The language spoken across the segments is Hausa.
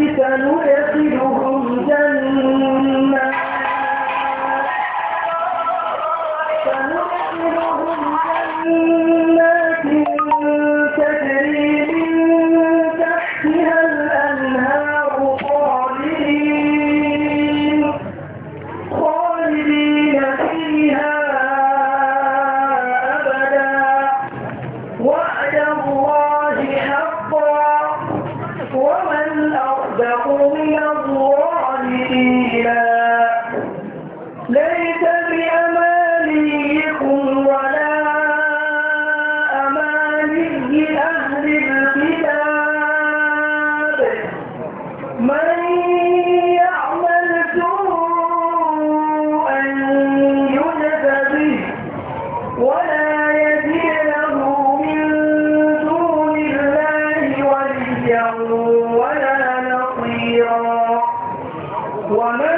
ذلك ندخلهم جنات سندخلهم من الله إيلا ليس بأمانيكم ولا أماني أهل الكتاب من يعمل سوءا يجد به ولا يجد له من دون الله وليا ومن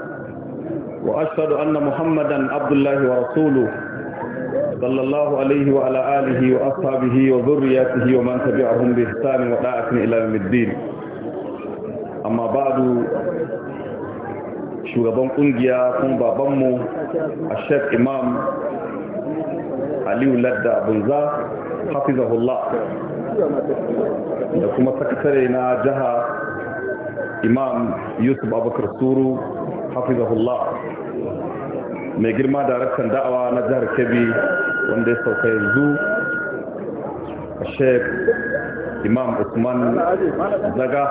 وأشهد أن محمدا عبد الله ورسوله صلى الله عليه وعلى آله وأصحابه وذرياته ومن تبعهم بإحسان وداعة إلى يوم الدين أما بعد shugaban kungiya kuma babanmu a sheikh imam aliyu ladda abunza hafizahullah da kuma sakatare na jiha imam yusuf abubakar suru hafizahullah mai girma daraktan da'awa na jihar kebbi wanda ya sauka yanzu sheik imam usman zaga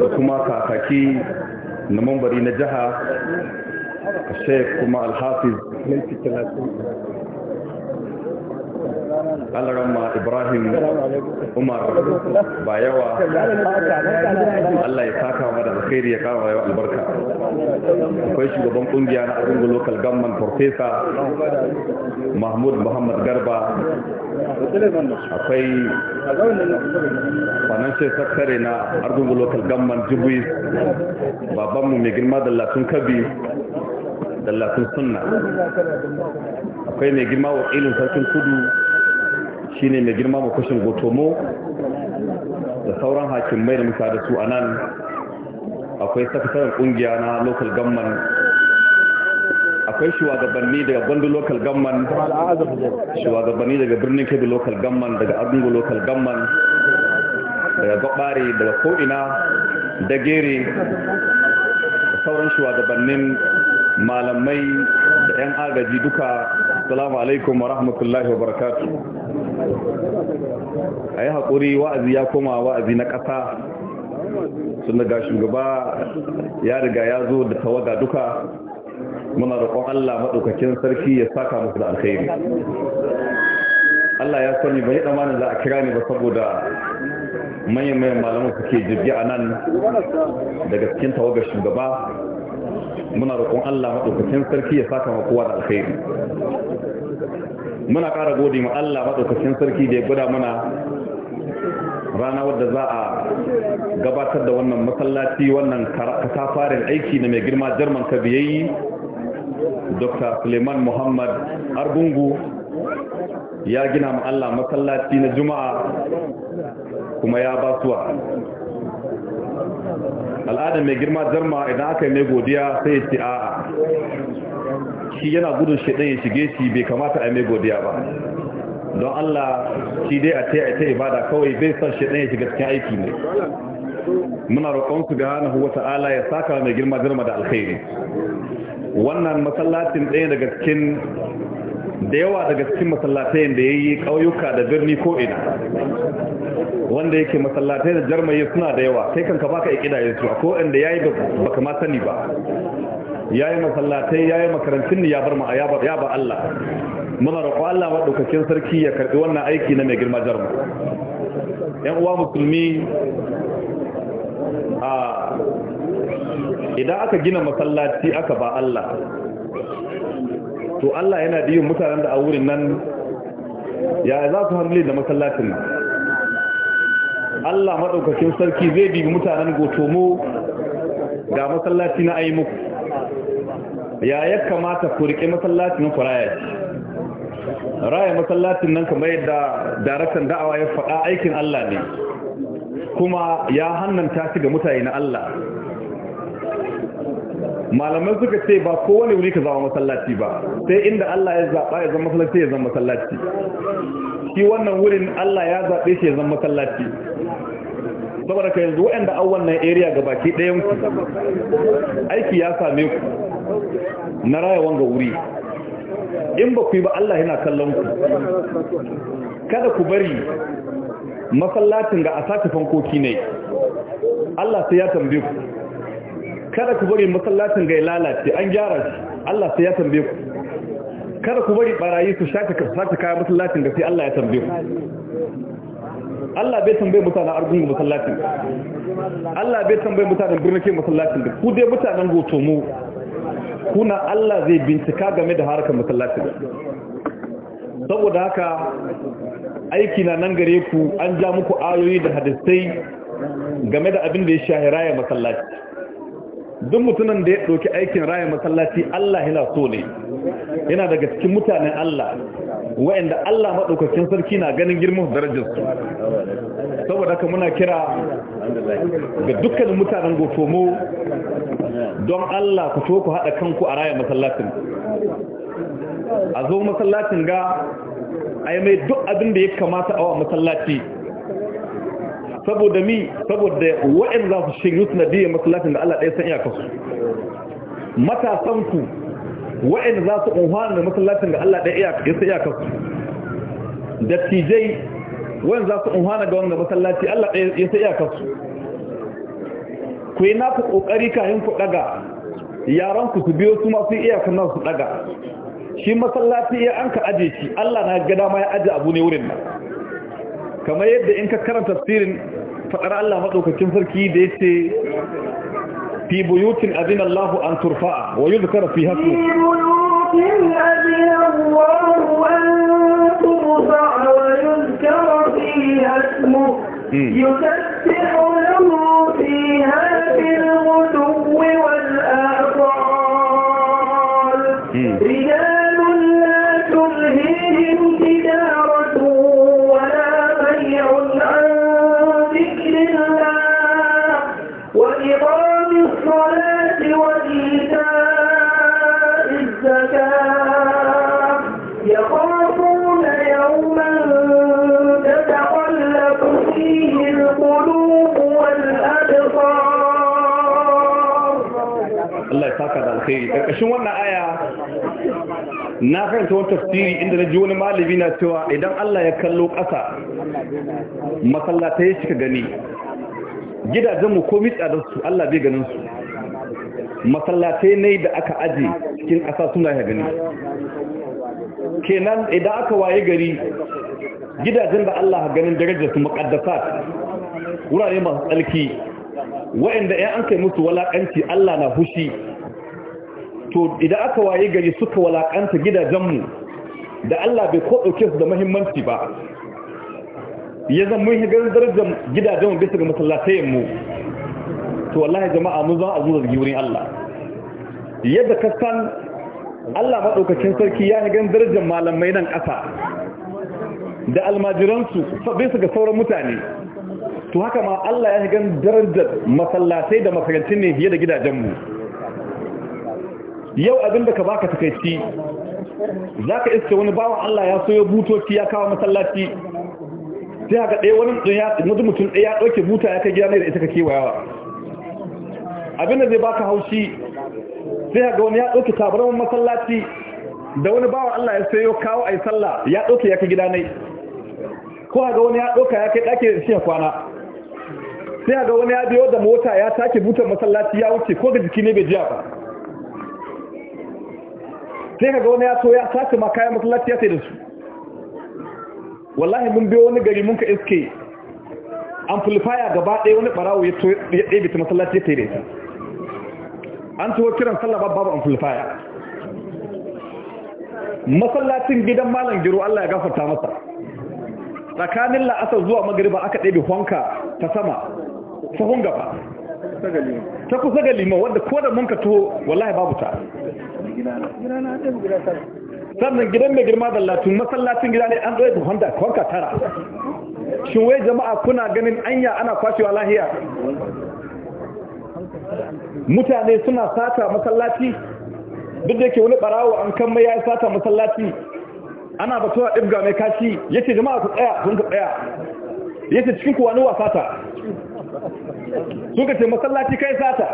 da kuma kakaki na mambari na jiha sheik kuma alhafiz alarama ibrahim umar ba yawa allah ya saka wa da alkhairi ya kawo yawa albarka akwai shugaban kungiya na arungu local government professor mahmud muhammad garba akwai financial secretary na arungu local government jibuis babanmu mai girma da latin kabi da latin sunna akwai mai girma ilin sarkin kudu shine mai girma makushin gotomo da sauran hakimai da muka da su a nan akwai sakataren kungiya na local gamman akwai shugabanni daga gwandu local gamman shugabanni daga birnin kebbi local gamman daga argungu local gamman daga gabari daga ko'ina da gere da sauran shugabannin malamai da 'yan agaji duka assalamu alaikum wa rahmatullahi wa barakatu a yi haƙuri wa'azi ya koma wa'azi na ƙasa sun daga shugaba ya riga ya zo da tawaga duka muna roƙon Allah maɗaukakin sarki ya saka musu da alkhairi Allah ya sani bai tsammanin za a kira ni ba saboda manyan manyan malaman suke jirgi a nan daga cikin tawagar shugaba muna roƙon Allah maɗaukacin sarki ya saka kowa da alkhairi muna ƙara gode ma Allah maɗaukacin sarki da ya gwada mana rana wadda za a gabatar da wannan masallaci wannan katafarin aiki na mai girma Jerman jarman kabiyayi dr suleiman muhammad argungu ya gina ma Allah masallaci na juma'a kuma ya basuwa al'adar mai girma zarma idan aka yi mai godiya sai ya ce a'a shi yana gudun shaɗin ya shige shi bai kamata a yi mai godiya ba don Allah shi dai a a ta ibada kawai bai san shaɗin ya shiga cikin aiki ne muna roƙon su ga hannu wata ala ya saka mai girma zarma da alkhairi wannan masallacin ɗaya daga cikin da yawa daga cikin masallatai da ya yi ƙauyuka da birni ko ina wanda yake masallatai da jarmaye suna da yawa sai kanka baka ikida su ko inda ya yi baka ma sani ba ya yi masallatai ya yi makarantun ya bar ma ya ba Allah muna roƙo Allah maɗaukakin sarki ya karɓi wannan aiki na mai girma jarma yan uwa musulmi a idan aka gina masallaci aka ba Allah to Allah yana biyun mutanen da a wurin nan ya za su hamle da masallacin Allah maɗaukakin sarki zai bi mutanen gotomo ga masallaci na ayi muku ya ya kamata ku riƙe masallacin ku raya raya masallacin nan kamar yadda daraktan da'awa ya faɗa aikin Allah ne kuma ya hannanta shi ga mutane na Allah malamai suka ce ba kowane wuri ka zama masallaci ba sai inda Allah ya zaɓa ya zama masallaci ya zama masallaci shi wannan wurin Allah ya zaɓe shi ya zama masallaci saboda ka yanzu waɗanda an wannan area ga baki ɗayan ku aiki ya same ku na rayuwar ga wuri in ba ku ba Allah yana kallon ku kada ku bari masallacin ga a sake fankoki ne Allah sai ya tambaye ku kada ku bari masallacin ga lalace an gyara shi Allah sai ya tambaye ku kada ku bari barayi su shaka ka sata kayan masallacin da sai Allah ya tambaye ku Allah bai tambaye mutanen argungu masallacin Allah bai tambaye mutanen birnake masallacin da ku dai mutanen mu kuna Allah zai bincika game da harkar masallacin saboda haka aiki na nan gare ku an ja muku ayoyi da hadisai game da abin da ya shahira ya masallaci duk mutumin da ya ɗauki aikin rayu masallaci Allah yana so ne yana daga cikin mutanen Allah wa'anda Allah maɗaukakin sarki na ganin girman su, saboda ka muna kira ga dukkanin mutanen gotomo don Allah ku so ku haɗa kanku a rayu masallacin a zo masallacin ga a yi mai duk abin da ya kamata a wa masallaci saboda mi saboda wa'in za su shirya suna masu masalacin da Allah ɗaya san iyakarsu matasanku wa'in za su unhana da masalacin da Allah ɗaya ya san iyakarsu dattijai wa'in za su unhana ga wanda masallaci Allah ɗaya ya san iyakarsu ku yi naku ƙoƙari kayan ku ɗaga yaran ku su biyo su masu iyakar nan su ɗaga shi masallaci ya an ka aje shi Allah na gada ma ya aje abu ne wurin nan kamar yadda in ka karanta tafsirin faɗar Allah maɗaukakin sarki da ya ce fi buyutin azin Allah an turfa'a wa yi zukara fi hasu يسبح له فيها بالغدو والآصال Allah ya saka da alkhairi karkashin wannan aya na karanta wani tafsiri inda na ji wani malami na cewa idan Allah ya kallo ƙasa masallatai ya cika gani gidajen mu komi su Allah bai ganin su masallatai ne da aka aje cikin ƙasa suna ya gani kenan idan aka waye gari gidajen da Allah ganin darajar su muqaddasat wurare masu tsalki wa'anda ‘yan an kai musu walaƙanci Allah na hushi to idan aka waye gari suka walaƙanta gidajenmu da Allah bai ko dauke su da muhimmanci ba ya zama mun higar darajar gidajenmu bisa ga masallatayenmu to wallahi jama'a mun zama a zuwa zargi Allah yadda ka san Allah madaukakin sarki ya higar darajar malamai nan ƙasa da almajiransu bisa ga sauran mutane to haka ma Allah ya gan darajar masallatai da makarantun ne fiye da gidajenmu yau abinda ka baka takaici za ka iske wani bawan Allah ya soya butoci ya kawo masallaci sai haka ɗaya wani mutum ɗaya ya ɗauke buta ya kai gida da ita ka kewayawa abinda zai baka haushi sai haka wani ya ɗauke tabarman masallaci da wani bawan Allah ya soya kawo a yi sallah ya ɗauke ya kai gida ne ko haka wani ya ɗauka ya kai ɗake shi ya kwana sai ga wani ya biyo da mota ya take butar masallaci ya wuce ko da jiki ne bai jiya ba sai ga wani ya so ya sace ma kayan masallaci ya sai da su wallahi mun biyo wani gari mun ka iske amplifier gaba ɗaya wani ɓarawo ya so ya ta masallaci ya sai da an tuwo kiran sallah babu amplifier masallacin gidan malam giro Allah ya gafarta masa tsakanin la'asar zuwa magariba aka ɗebe honka ta sama sahun gaba ta kusa ga limon wadda ko da mun ka tuho wallahi babu ta sannan gidan mai girma da latin masallacin gida ne an zoye da honda kwanka tara shi wai jama'a kuna ganin anya ana kwashewa lahiya mutane suna sata masallaci duk da yake wani barawo an kan mai ya yi sata masallaci ana batuwa ɗibga mai kashi yake jama'a ku tsaya kun ka tsaya yake cikin kuwa ni wasa ta suka ce masallaci kai sata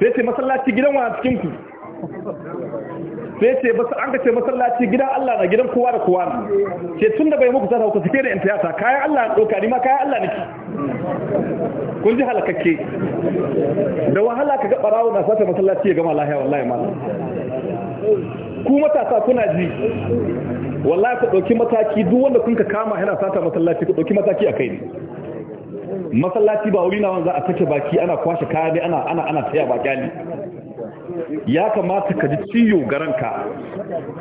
sai ce masallaci gidan wa cikin ku sai ce basu an kace ce masallaci gidan Allah na gidan kowa da kowa na ce tun da bai muku sata ku suke da yan tiyata kayan Allah na ɗauka ma kai Allah nake kun ji halakakke da wahala ka ga ɓarawo na sata masallaci ya gama lahiya wallahi ma ku matasa kuna ji wallahi ku ɗauki mataki duk wanda kun ka kama yana sata masallaci ku ɗauki mataki a kai ne masallaci ba wuri na za a sake baki ana kwashe kaya ana ana ana taya ba kyali ya kamata ka ji ciyo garanka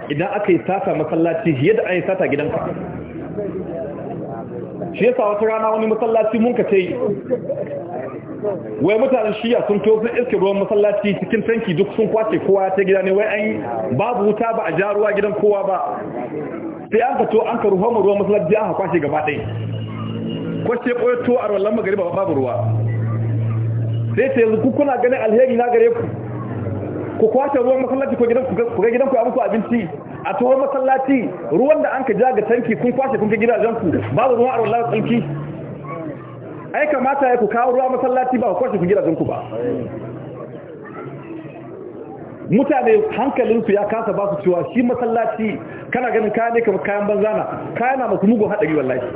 idan aka yi sata masallaci yadda an yi sata gidanka shi yasa wata rana wani masallaci mun ka tai wai mutanen shiya sun to sun iske ruwan masallaci cikin tanki duk sun kwace kowa ta gida ne wai an babu wuta ba a ja ruwa gidan kowa ba sai an fito an ka ruwa ruwan masallaci an ka kwace gaba ɗaya kwace kwato a wallan magariba ba babu ruwa sai ta yanzu ku kuna ganin alheri na gare ku ku kwace ruwan masallaci ko gidan ku ga gidan ku abu abinci a tuwar masallaci ruwan da an ka jaga ga tanki kun kwace kun ga gidajen ku babu ruwa a wallan tsanki ai kamata ya ku kawo ruwa masallaci ba ku kwace ku gidajen ku ba mutane hankalinsu ya kasa ba su cewa shi masallaci kana ganin kayan ne kamar kayan banzana kayan na masu mugun haɗari wallahi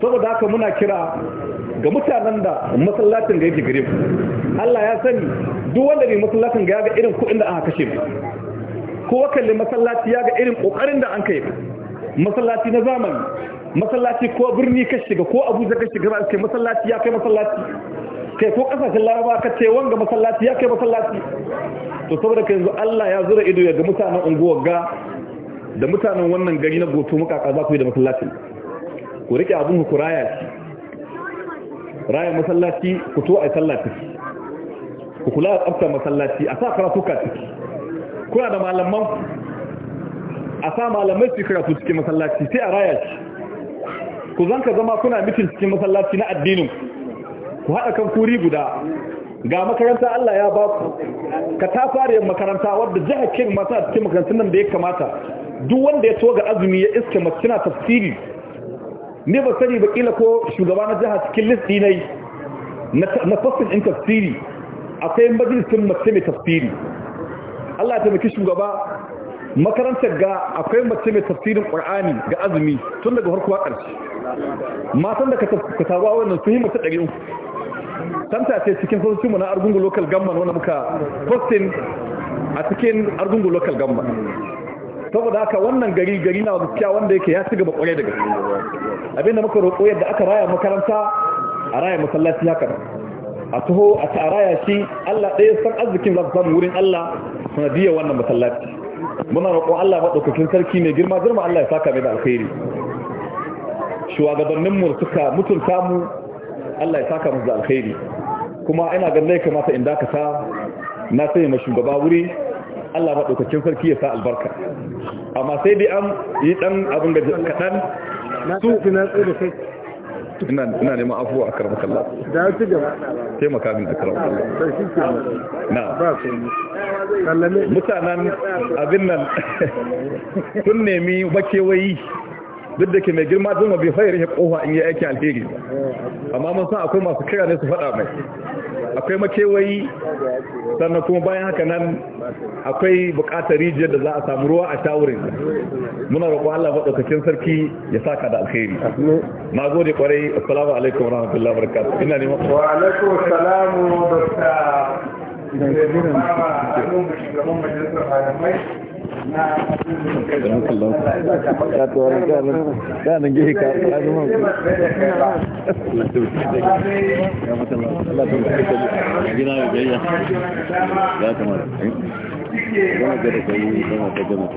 saboda haka muna kira ga mutanen da masallacin da yake gare Allah ya sani duk wanda ne masallacin ga ya ga irin kuɗin da aka kashe mu ko kalli masallaci ya ga irin kokarin da an kai masallaci na zamani masallaci ko birni ka shiga ko abuja ka shiga ba kai masallaci ya kai masallaci kai ko kasashen laraba ka ce wanga masallaci ya kai masallaci to saboda ka yanzu Allah ya zura ido ya ga mutanen unguwar ga da mutanen wannan gari na goto makaka za ku yi da masallacin ku rike abin ku raya shi raya masallaci ku to a yi sallaci ku kula da tsabtar masallaci a sa karatu ka ciki kuna da malaman a sa malamai su karatu cikin masallaci sai a raya shi ku zanka zama kuna mitin cikin masallaci na addinin ku haɗa kan kuri guda ga makaranta Allah ya ba ku ka ta fara yin makaranta wadda jihar king masu a cikin makarantun nan da ya kamata duk wanda ya toga azumi ya iske matina tafsiri ne ba sani ba kila ko shugaba na jiha cikin listi ne na fassin in tafsiri akwai majalisun mace mai tafsiri Allah ya taimaki shugaba makarantar ga akwai mace mai tafsirin qur'ani ga azumi tun daga harkuwa ƙarshe matan da ka taruwa wannan sun yi mace ɗari uku tamta ce cikin sosai na argungu local gamba wanda muka postin a cikin argungu local gamba. saboda haka wannan gari gari na gaskiya wanda yake ya cigaba kwarai da gaske da muka roƙo yadda aka raya makaranta a raya masallaci haka a taho a ta raya shi Allah ɗaya san arzikin za su samu wurin Allah sanadiyar wannan masallaci muna roƙo Allah ɗaukakin sarki mai girma girma Allah ya saka mai da alkhairi shugabanninmu da suka mutunta mu Allah ya saka mu da alkhairi kuma ina ganin ya kamata in dakata na sai ma shugaba wuri Allah maɗaukacin sarki ya sa albarka amma sai dai an yi ɗan abin da kaɗan su ina neman afuwa a kallon da gaba a kallon na mutanen abin nan sun nemi makewayi duk da ke mai girma zama bai fayar ya kofa in yi aikin alheri amma mun san akwai masu kira ne su faɗa mai akwai makewayi sannan kuma bayan haka nan akwai bukatar rijiyar da za a samu ruwa a shawurin muna roƙo Allah maɗaukakin sarki ya saka da alkhairi na gode kwarai assalamu alaikum wa rahmatullahi wa barakatuh ina neman wa alaikum salam wa barakatuh ya eh?